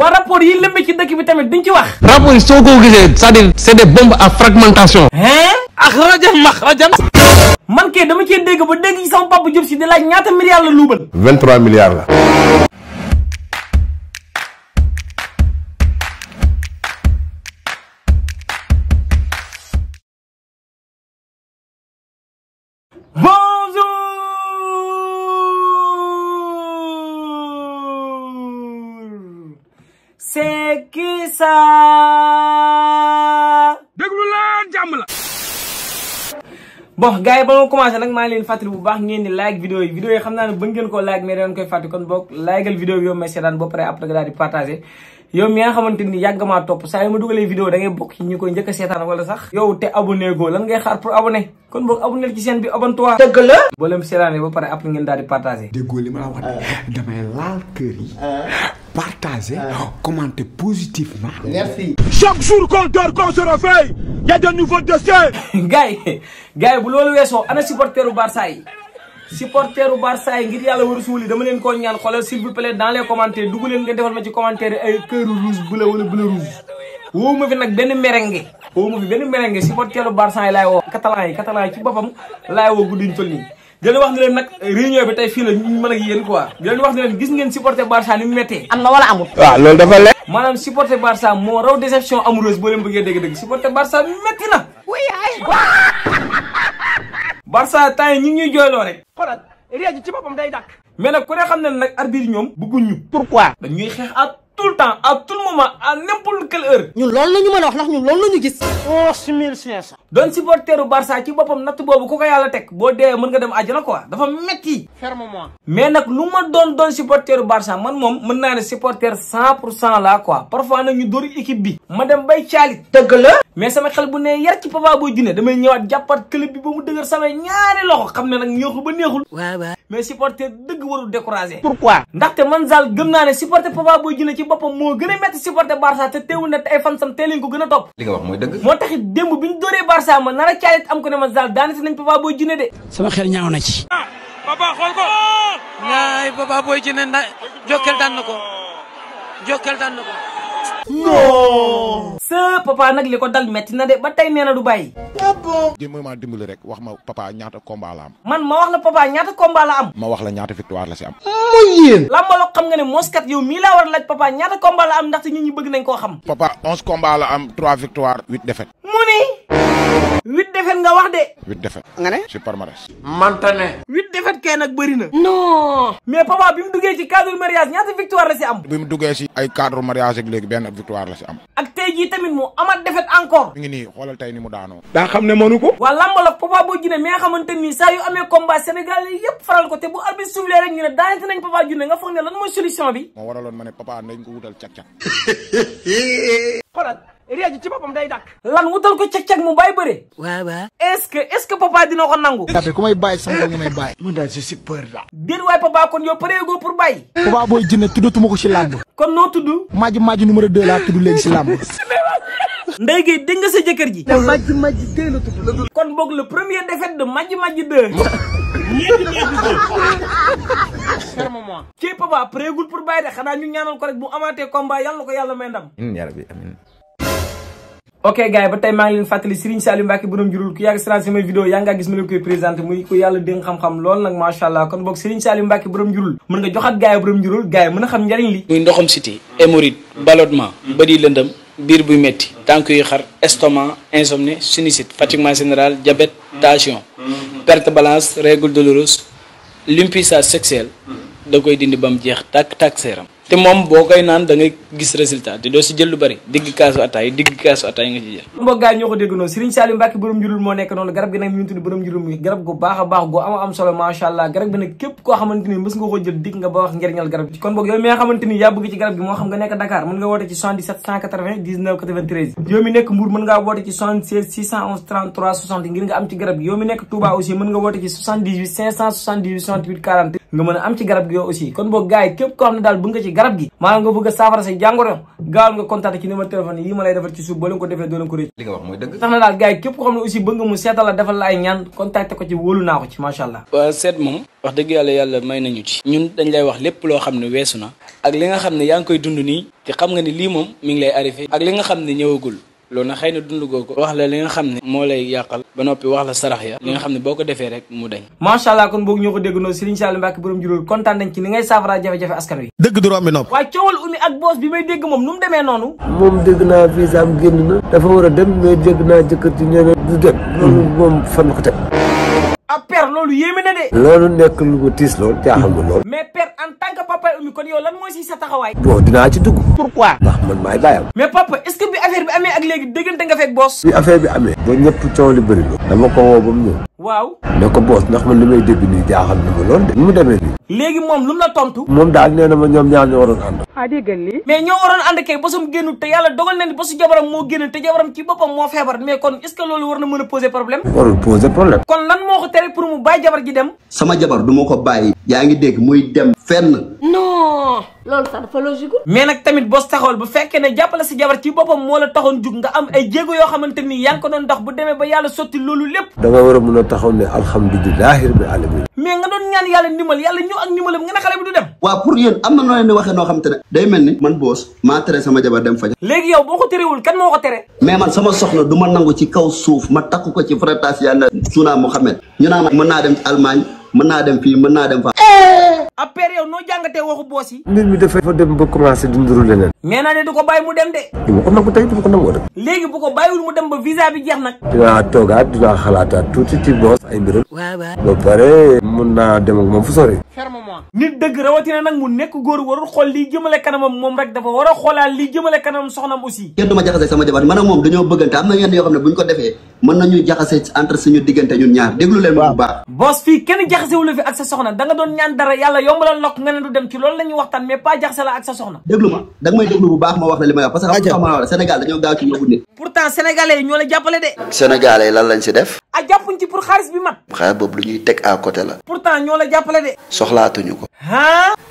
waa rapport yi lëmbe ci dëkk bi tamit duñ ci wax. rapport yi soo ko gisee c'est-à-dire c'est des bombes à fragmentation. ak ah, rajo max rajo. man kay dama cee dégg ba dégg sama papa Diop si di laaj ñaata milliards la luubal. 23 milliards la. Moussa déglu leen jàmm la bon gars yi Like ma commencé nag maa leen fàttali bu baax ngeen like vidéo yi vidéo yi xam naa ngeen koo like mais da ngeen koy fàttali kon boog likeal vidéo bi yow may seetaan ba pare après nga di partagé yow mi nga xamante ni top maa topp saa yu ma dugalee vidéo da ngay bokk ñi koy njëkk a wala sax yow te abonné goo lan ngay xaar pour abonné kon boog abonné ci seen bi abonne-toi dëgg la boo leen seetaanee ba pare après ngeen daal di partagé déggoo li ma la wax ah. damay laal kër yi ah. partagez, commentez positivement. Merci. Chaque jour quand se réveille, il y a de nouveaux dossiers. Gaï, vous l'avez dit, supporter au Barça. supporter Barça il ngir a le suuli dama le ñaan s'il vous plaît dans les commentaires vous commentaire ay rouge bleu bleu rouge ma fi merengue ma fi merengue supporter vous Barça catalan catalan yi ci vous là, di wax ne leen nag réunion bi tey fii la ñu mën ak yéen wax ne leen gis ngeen supporter Barça ni mu méttee am na wala amul waaw loolu dafa leer maanaam supporter Barça moo raw déception amoureuse boo leen bëggee dégg-dégg supporter Barça métti na Barça temps yi ñu ngi ñuy jooyloo rek xoolal réew ji ci boppam day dàkk mais nag ku ne xam ne nag arbitre ñoom bëgguñ ñu pourquoi dañuy xeex at tout le temps, à tout le moment, à n'importe quelle heure. Nous l'on lañu mëna wax nak ñun lool lañu gis. Oh 1500. Don supporteru Barça ci bopam nat bobu ko ko yalla tek bo dé mën nga dem aljana quoi. Dafa metti. Ferme-moi. Mais nak luma don don supporteru Barça man mom mën na né supporter 100% la quoi. Parfois nak ñu dor équipe bi. Ma dem bay cialit. Deug la. Mais sama xel bu né yar ci papa boy dina dama ñëwaat jappat club bi bu mu deuguer sama ñaari loxo xamné nak ñoxu ba neexul. Wa wa. Mais supporter deug waru décourager. Pourquoi? Ndax té man zal gëm na né supporter papa boy dina ci boppam moo gën a métti supporter Barça te teewul na ay fansam teel lañ ko gën a topp li nga wax mooy dëgg moo taxit démb bi ñu dóoree ma nar a am ko ne ma daal daanati nañ Papa Boy Djiné de sama xel ñaaw na ci ah, papa xool ko naay Papa Boy Djiné na jokkel daan na ko jokkel daan na ko sa papa nag li ko dal metti na de ba tey nee na du bàyyi. jéem maa dimbali rek wax ma papa ñaata combat la am. man ma wax la papa ñaata combat la am. ma wax la ñaata victoire la si am. muy yéen. làmbaloo xam nga ne moskat yow mii laa war a laaj papa ñaata combat la am ndaxte ñun ñi bëgg nañ ko xam. papa onze combat la am trois victoire huit défaites. huit défaites nga wax de. huit défaites. nga ne. ci palmarès. manta ne. huit défaites kay nag bëri na. non. mais papa bi mu duggee cadre mariage ñaata victoire la si am. bi mu si ay cadre mariage ak léegi benn victoire la si am. ak tey jii tamit mu amaat défaite encore. mi ngi nii xoolal tey ni mu daanoo. daa xam ne mënu ko. waa lamb la papa boo jine mais nga xamante ni saa yu amee combat Sénégal yëpp faral ko te bu arbitre soufflé rek ñu ne daanaka nañ papa june nga foog ne lan mooy solution bi. moo waraloon ma ne papa riaji ci boppam day dakk lan wutal ko ceg-ceg mu bay bëre waaw waaw est ce que est ce papa dina ko nangu dafe ku may bàyyi sax nga may bàyyi mun daal je suis peur daal déet waay papa kon yow pareegoo pour bàyyi papa booy jinne tuddatuma ci làmb kon noo tudd maaji maaji numéro 2 laa tudd léegi si làmb ndey gay dégg nga sa jëkkër ji maaji maaji 2 la tudd kon boog le premier défaite de maaji maaji 2 ñeenti ñeenti 2 fermement kii papa pareegul pour bàyyi de xanaa ñu ñaanal ko rek bu amate combat yàlla ko yàlla may ndam ya yaa rabbi amiin ok gars ba tay ma ngi len fatali Serigne Saliou Mbacke borom jurul ku yag sran sama vidéo ya nga gis ma leen koy présenter muy ku yalla dénk xam-xam lool ma sha allah kon bok Serigne Saliou Mbacke borom jurul mën nga joxat gars yi borom jurul gars yi mën a xam ndariñ li muy ndoxam siti hémorroïde ballottement bëri lëndëm bir bu metti tank yu xar estomac insomnie sinusite fatigue général diabète tension perte balance règle douloureuse limpisa sexuelle da koy dindi bam jeex tak tak seeram té mom bokay nan da ngay gis résultat te do ci jël lu bari digg kaasu atay digg kaasu atay nga ci jël mbokk gaay ñoo ko dégg non Serigne Saliou Mbacke borom jurul mo nek non garab gi nak ñu tudd borom njurul mi garab gu baaxa baax gu am am solo ma sha allah garab bi nak képp ko xamanteni ni mës nga ko jël digg nga ba wax njëriñal garab gi kon bok yow mi nga xamanteni ni yaa bëgg ci garab gi mo xam nga nek Dakar mën nga woote ci 77 180 19 yow mi nek Mbour mën nga woote ci 76 611 33 60 ngir nga am ci garab yow mi nek Touba aussi mën nga woote ci 78 578 40 nga mëna am ci garab gi aussi kon bo gaay képp ko xam dal bu nga ci garab gi ma nga bëgg safara saafara jangoro gaal nga contacter ci numéro téléphone yi ma lay defal ci suuf bo leen ko défé do leen ko réccu li nga wax moy dëgg tax na daal gars képp ko xam aussi bëgg mu seetal la defal la ay ñaan contacter ko ci wolu na ko ci ma sha allah wa sét mom wax dëgg yalla yalla may nañu ci ñun dañ lay wax lepp lo xam ne ak li nga xam yaang koy dund ni te xam nga ni li mom mi ngi lay arrivé ak li nga xam ñëwagul loolu na xëy na dund goo ko wax la li nga xam ne moo lay yàqal ba noppi wax la sarax ya li nga xam ne boo ko defee rek mu dañ macha allah kon boog ñoo ko dégg noonu Serigne Saliou Mbacke borom juróol kontaan nañ ci ni ngay saafara jafe-jafe askan wi dëgg du rombi nopp waaye coowal umi ak boos bi may dégg moom nu mu demee noonu moom dégg naa visa am génn na dafa war a dem mais dégg naa jëkkër ci ñeneen du dem moom fan ko teg ah père loolu yéeme na de. loolu nekk lu ko tiis loolu jaaxal ma loolu. mais père en tant que papa Oumy kon yow lan mooy si sa taxawaay. bon dinaa ci dugg. pourquoi. ndax man maay bàyyam. mais papa est que bi affaire bi amee ak léegi déggante nga fekk boos. bi affaire bi amee. ba ñëpp coow li bëri na. dama ko woo ba waaw. ne ko boos ndax man li may dégg nii jaaxal na ma lool de. ni mu demee nii. léegi moom lu mu la tontu. moom daal nee na ma ñoom ñaar ñoo waroon ànd. ah dégg lii. mais ñoo waroon ànd kay bosam génnu te yàlla dogal na ni bosu jabaram moo génn te jabaram ci boppam moo feebar mais kon est que loolu war na mën a poser problème. warul poser kon lan moo ko tere pour mu bàyyi jabar ji dem. sama jabar du ma ko bàyyi. yaa ngi dégg muy dem fenn. non loolu sax dafa logique mais nag tamit bos taxawal bu fekkee ne jàppale sa jabar ci boppam moo la taxoon jug nga am ay jéego yoo xamante ni yaa ngi ko doon dox bu demee ba yàlla sotti loolu lépp da nga war a mun a taxaw ne alhamdulilahi rabbil alamin mais nga doon ñaan yàlla ndimbal yàlla ñëw ak ndimbalam nga ne xale bi du dem waaw pour yéen am na noo leen di waxee day mel man boos maa tere sama jabar dem faj léegi yow boo ko terewul kan moo ko tere mais man sama soxna du nangu ci kaw suuf ma takku ko ci fratas yàlla sunaa Muhammad ñu naa mën naa dem ci Allemagne mën naa dem fii mën naa dem fa après yow noo jàngatee waxu boos yi mbir mi dafa dem ba commencé di nduru leneen mais naa ne du ko bàyyi mu dem de duma ko nangu tey duma ko nangu ëllëg léegi bu ko bàyyiwul mu dem ba visa bi jeex nag dinaa toogaat dinaa xalaataat tuuti ci boos ay mbiram waaw waaw ba pare mun naa dem ak moom fu sori kanamam nit dëgg rawatina nak mu nek góor warul xol li jëmele kanamam mom rek dafa wara xolal li jëmele kanam soxnam aussi kenn duma jaxase sama jabar manam mom dañu bëggante amna na yo xamne buñ ko defee mën nañu jaxase entre suñu digënté ñun ñaar déglu leen bu baax bos fi kenn jaxasewu la fi ak sa soxna da nga doon ñaan dara yalla yombalal lokk nga ne du dem ci loolu lañu waxtan mais pas jaxase la ak sa soxna déglu ma da nga may déglu bu baax ma wax la limay wax parce que xam nga Sénégal dañu gaaw ci yóbbu nit pourtant sénégalais ñoo la jappalé dé sénégalais lan lañ ci def a ah, jappuñ ci pour xaalis bi mat xaar bobu lu ñuy à côté la pourtant ñoo la jappalé dé soxlaatu nañu ko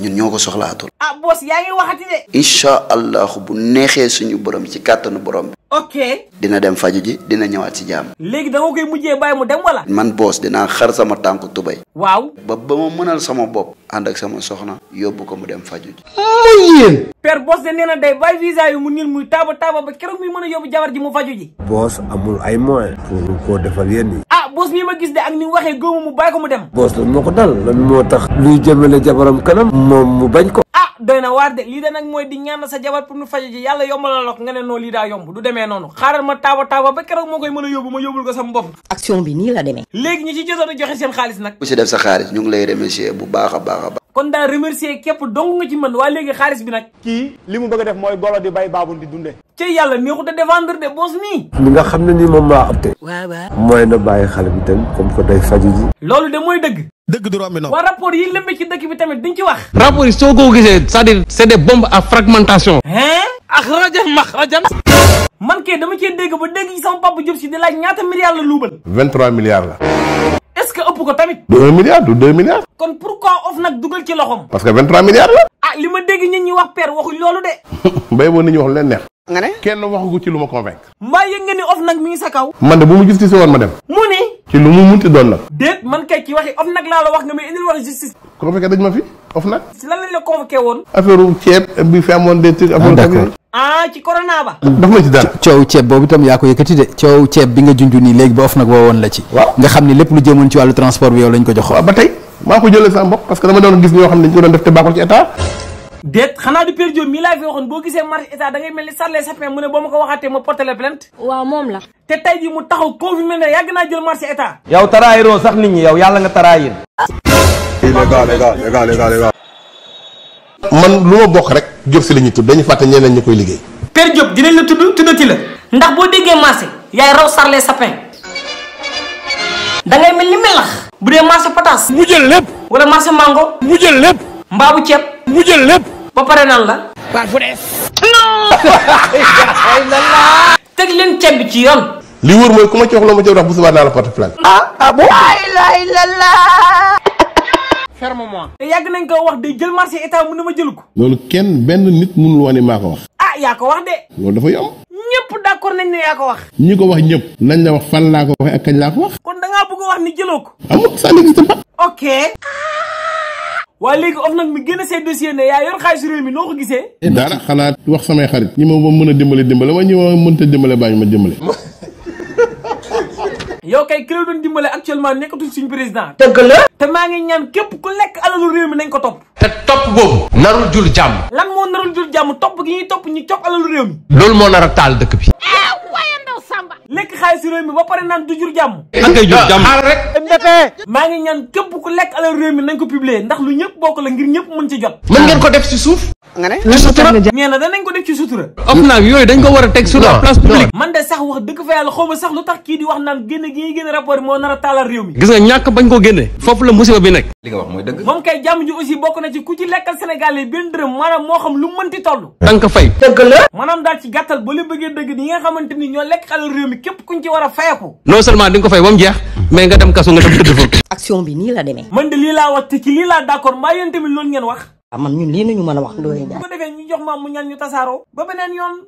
ñun ñoko soxlaatul ah boss yaa ngi waxati de insha allahu bu nexé suñu borom ci katanu borom ok dina dem faju ji dina ñëwaat ci jamm léegi da nga koy mujjé bay mu dem wala man boss dina xar sama tanku tubay waw ba ba mo mënal sama bop and ak sama soxna yobbu ko mu dem faju ji bos yéen père boss de neena day bay visa yu mu nil muy taba taba ba keroog muy mëna yobbu jabar ji mu faju ji boss amul ay moyen pour ko defal bos mii ma gis de ak ni mu waxee góomu mu bàyyi ko mu dem boos loolu moo ko dal moo tax luy jëmale jabaram kanam moom mu bañ ko ah doy na waar de lii de nag mooy di ñaan sa jabar pour nu fajo ji yàlla yombalal la ko nga ne noo lii daa yomb du demee noonu xaaral ma taawa taawa ba keroog moo koy mën a yóbbu ma yóbbul ko sama bopp action bi nii la demee léegi ñi ci a joxe seen xaalis nag ku ci ñu ngi lay remercier bu baax a baax baax kon da remercier kep dong nga ci man wa léegi xaalis bi nak ki limu bëgg def moy golo di bay babul di dundé ci yalla neexut a défendre de boss mii li nga xamné ne mom moom maa opté waaw waaw na baye xal bi tam comme ko day faji ji lolou de moy deug deug du rombi noonu waa rapport yi lembe ci dëkk bi tamit dañ ci wax rapport yi soo ko gisee c'est-à-dire c'est des bombes à fragmentation hein ak rajam rajam man ké dama ci dégg ba dégg ci sama papa Diop si di laaj ñaata milliards la loubal 23 milliards la ëpp ko tamit. du un milliard du deux milliards. kon pourquoi OFNAC dugal ci loxoom. parce que vingt trois milliards ah li ma dégg ñit ñi wax père waxuñ loolu de. mbéy boo nit ñi wax leen neex. nga ne kenn waxagu ci lu ma convaincre. mbaa yëg nga ni OFNAC mi ngi sa kaw. man de bu mu gis woon ma dem. mu ni ci lu mu munti doon nag. déet man kay ci waxi OFNAC laa la wax nga may indil wax justice. convoqué dañ ma fi OFNAC. si lan lañ la convoqué woon. affaire ceeb bi fi amoon des ah ci corona ba. daf ma ci dara. coow ceeb boobu itam yaa ko yëkkati de coow ceeb bi nga junj nii léegi ba of nag woowoon la ci. waaw nga xam ni lépp lu jëmoon ci wàllu transport bi yow lañ ko jox. waaw ba tey maa ko jëlee sama bopp parce que dama doon gis ñoo xam ne ñu ko def te baaxul ci état. déet xanaa du Père mii laa fi waxoon boo gisee marché état da ngay mel ni sarle sapin mu ne boo ma ko waxaatee ma porté la plainte. waaw moom la. te tey man lu ma bokk rek Diop si la ñuy tudd dañu fàtte ñeneen ñu koy liggéey. Père Diop dinañ la tudd tuddati la. ndax boo déggee marché yaay raw sarle sapin. da ngay mel ni melax. bu dee marché pataas. mu jël lépp. wala marché mango. mu jël lépp. bu ceeb. mu jël lépp. ba pare nan la. waaw fu teg leen ceeb bi ci yoon. li wóor mooy ku ma ci wax loo ma jëm ndax bu subaa naa la porte plainte. ah ah bon. fermement te yàgg nañ ko wax day jël marché état mu ne ma jël ko kenn nit mënul wane maa wax ah ya ko wax de loolu dafa yomb ñëpp d'accord nañ ne yaa ko wax ñi ko wax ñëpp nañ la wax fan laa ko waxee ak kañ laa ko wax kon da ngaa bëgg wax ni ko ok of nag mi gën a dossier yor xaalis réew mi noo ko dara xanaa wax samay xarit ñi ma mën a dimbale dimbale waa ñi ma mënta ma yow kay ki la doon dimbale actuellement nekkatul suñu président. dëgg la. te maa ngi ñaan képp ku lekk alalu réew mi nañ ko topp. te topp boobu. narul jur jàmm. lan moo narul jur jàmm topp gi ñuy topp ñu cop alalu réew mi. loolu moo nar a taal dëkk bi. Ah, Samba lekk xaalisu réew mi ba pare naan du jur jàmm. ak kan kay jur jàmm ah, xaaral rek. Mbappé. maa ngi ñaan képp ku lekk alal réew mi nañ ko publier ndax lu ñëpp bokk la ngir ñëpp mën ci jot. mën ngeen ko def ci suuf. nga ne ci sutura nee na danañ ko def ci sutura. OFNAC yooyu dañ ko war a teg sur la place publique. man de sax wax dëgg fa yàlla xaw ma sax lu tax kii di wax naan génne gi ñuy génne rapport bi moo nar a taalal réew mi. gis nga ñàkk bañ ko génne foofu la musiba bi nekk. li nga wax mooy dëgg. moom kay jam ji aussi bokk na ci ku ci lekkal Sénégal yi dërëm maanaam moo xam lu mënti toll. tànk fay dëgg la. maanaam daal ci gàttal ba li bëggee dëgg ni nga xamante ni ñoo lekk alal réew képp kuñ ci war a fayeku non seulement di nga ko fay ba mu jeex mais nga dem kaso nga dem tëdd fa action bi nii la demee man de lii laa wax ci lii laa d'accord mbaa yéen tamit loolu ngeen wax ah, man ñun lii nañu mën a wax Ndoye Ndiaye bu ñu jox maam mu ñaan ñu tasaaroo ba beneen yoon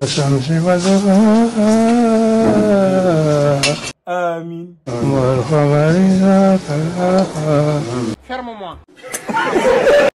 amiin